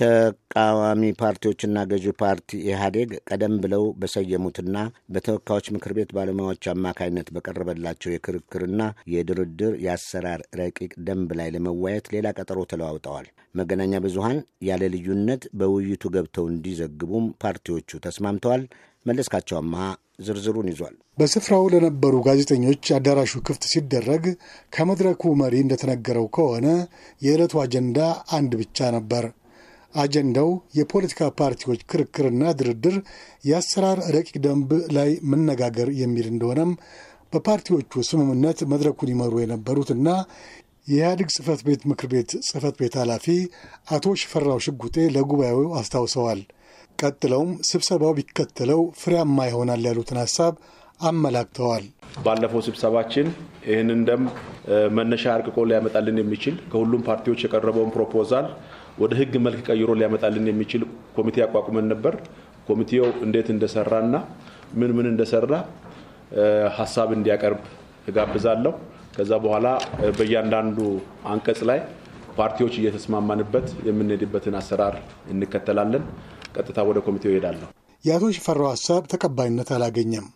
ተቃዋሚ ፓርቲዎችና ገዢው ፓርቲ ኢህአዴግ ቀደም ብለው በሰየሙትና በተወካዮች ምክር ቤት ባለሙያዎች አማካኝነት በቀረበላቸው የክርክርና የድርድር የአሰራር ረቂቅ ደንብ ላይ ለመወያየት ሌላ ቀጠሮ ተለዋውጠዋል። መገናኛ ብዙሃን ያለ ልዩነት በውይይቱ ገብተው እንዲዘግቡም ፓርቲዎቹ ተስማምተዋል። መለስካቸው ዝርዝሩን ይዟል። በስፍራው ለነበሩ ጋዜጠኞች አዳራሹ ክፍት ሲደረግ ከመድረኩ መሪ እንደተነገረው ከሆነ የዕለቱ አጀንዳ አንድ ብቻ ነበር። አጀንዳው የፖለቲካ ፓርቲዎች ክርክርና ድርድር የአሰራር ረቂቅ ደንብ ላይ መነጋገር የሚል እንደሆነም በፓርቲዎቹ ስምምነት መድረኩን ይመሩ የነበሩትና የኢህአዴግ ጽህፈት ቤት ምክር ቤት ጽህፈት ቤት ኃላፊ አቶ ሽፈራው ሽጉጤ ለጉባኤው አስታውሰዋል። ቀጥለውም ስብሰባው ቢከተለው ፍሬያማ ይሆናል ያሉትን ሀሳብ አመላክተዋል። ባለፈው ስብሰባችን ይህንን ደንብ መነሻ አርቅቆ ሊያመጣልን የሚችል ከሁሉም ፓርቲዎች የቀረበውን ፕሮፖዛል ወደ ህግ መልክ ቀይሮ ሊያመጣልን የሚችል ኮሚቴ አቋቁመን ነበር። ኮሚቴው እንዴት እንደሰራና ምን ምን እንደሰራ ሀሳብ እንዲያቀርብ እጋብዛለሁ። ከዛ በኋላ በእያንዳንዱ አንቀጽ ላይ ፓርቲዎች እየተስማማንበት የምንሄድበትን አሰራር እንከተላለን። ቀጥታ ወደ ኮሚቴው ይሄዳለሁ። የአቶ ሽፈራው ሀሳብ ተቀባይነት አላገኘም።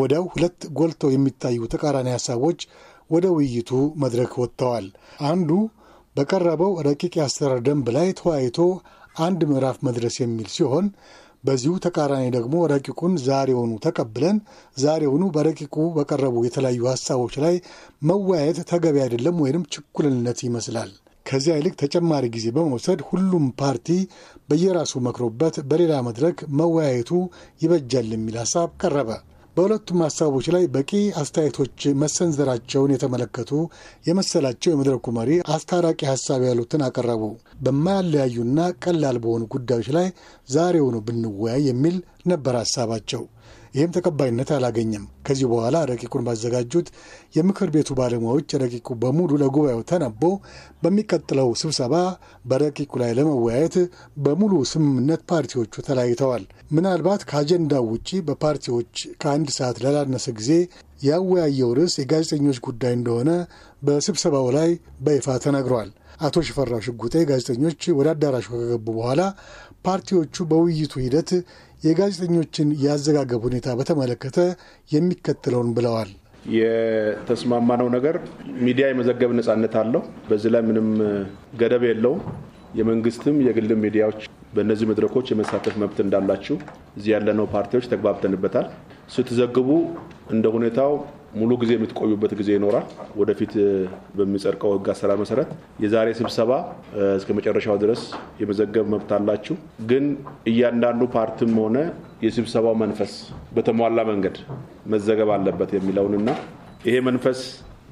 ወዲያው ሁለት ጎልተው የሚታዩ ተቃራኒ ሀሳቦች ወደ ውይይቱ መድረክ ወጥተዋል። አንዱ በቀረበው ረቂቅ የአሰራር ደንብ ላይ ተወያይቶ አንድ ምዕራፍ መድረስ የሚል ሲሆን በዚሁ ተቃራኒ ደግሞ ረቂቁን ዛሬውኑ ተቀብለን ዛሬውኑ በረቂቁ በቀረቡ የተለያዩ ሀሳቦች ላይ መወያየት ተገቢ አይደለም ወይንም ችኩልነት ይመስላል። ከዚያ ይልቅ ተጨማሪ ጊዜ በመውሰድ ሁሉም ፓርቲ በየራሱ መክሮበት በሌላ መድረክ መወያየቱ ይበጃል የሚል ሀሳብ ቀረበ። በሁለቱም ሀሳቦች ላይ በቂ አስተያየቶች መሰንዘራቸውን የተመለከቱ የመሰላቸው የመድረኩ መሪ አስታራቂ ሀሳብ ያሉትን አቀረቡ። በማያለያዩና ቀላል በሆኑ ጉዳዮች ላይ ዛሬውኑ ብንወያይ የሚል ነበር ሀሳባቸው። ይህም ተቀባይነት አላገኘም። ከዚህ በኋላ ረቂቁን ባዘጋጁት የምክር ቤቱ ባለሙያዎች ረቂቁ በሙሉ ለጉባኤው ተነቦ በሚቀጥለው ስብሰባ በረቂቁ ላይ ለመወያየት በሙሉ ስምምነት ፓርቲዎቹ ተለያይተዋል። ምናልባት ከአጀንዳው ውጪ በፓርቲዎች ከአንድ ሰዓት ላላነሰ ጊዜ ያወያየው ርዕስ የጋዜጠኞች ጉዳይ እንደሆነ በስብሰባው ላይ በይፋ ተነግሯል። አቶ ሽፈራው ሽጉጤ ጋዜጠኞች ወደ አዳራሹ ከገቡ በኋላ ፓርቲዎቹ በውይይቱ ሂደት የጋዜጠኞችን የአዘጋገብ ሁኔታ በተመለከተ የሚከተለውን ብለዋል። የተስማማነው ነገር ሚዲያ የመዘገብ ነጻነት አለው። በዚህ ላይ ምንም ገደብ የለውም። የመንግስትም የግል ሚዲያዎች በእነዚህ መድረኮች የመሳተፍ መብት እንዳላችሁ እዚህ ያለነው ፓርቲዎች ተግባብተንበታል። ስትዘግቡ እንደ ሁኔታው ሙሉ ጊዜ የምትቆዩበት ጊዜ ይኖራል። ወደፊት በሚጸድቀው ህግ አሰራር መሰረት የዛሬ ስብሰባ እስከ መጨረሻው ድረስ የመዘገብ መብት አላችሁ። ግን እያንዳንዱ ፓርቲም ሆነ የስብሰባው መንፈስ በተሟላ መንገድ መዘገብ አለበት የሚለውንና ይሄ መንፈስ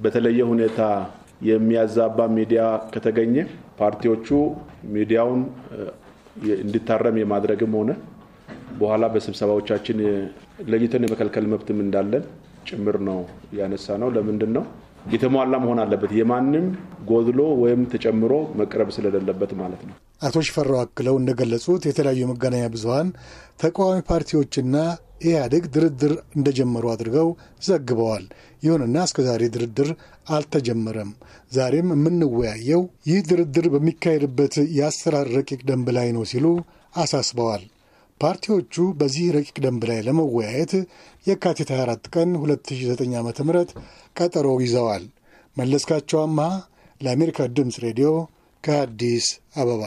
በተለየ ሁኔታ የሚያዛባ ሚዲያ ከተገኘ ፓርቲዎቹ ሚዲያውን እንዲታረም የማድረግም ሆነ በኋላ በስብሰባዎቻችን ለይተን የመከልከል መብትም እንዳለን ጭምር ነው ያነሳ ነው። ለምንድን ነው የተሟላ መሆን አለበት። የማንም ጎድሎ ወይም ተጨምሮ መቅረብ ስለሌለበት ማለት ነው። አቶ ሽፈራው አክለው እንደገለጹት የተለያዩ የመገናኛ ብዙኃን ተቃዋሚ ፓርቲዎችና ኢህአዴግ ድርድር እንደጀመሩ አድርገው ዘግበዋል። ይሁንና እስከዛሬ ድርድር አልተጀመረም። ዛሬም የምንወያየው ይህ ድርድር በሚካሄድበት የአሰራር ረቂቅ ደንብ ላይ ነው ሲሉ አሳስበዋል። ፓርቲዎቹ በዚህ ረቂቅ ደንብ ላይ ለመወያየት የካቲት 24 ቀን 2009 ዓ ም ቀጠሮ ይዘዋል። መለስካቸው ለአሜሪካ ድምፅ ሬዲዮ ከአዲስ አበባ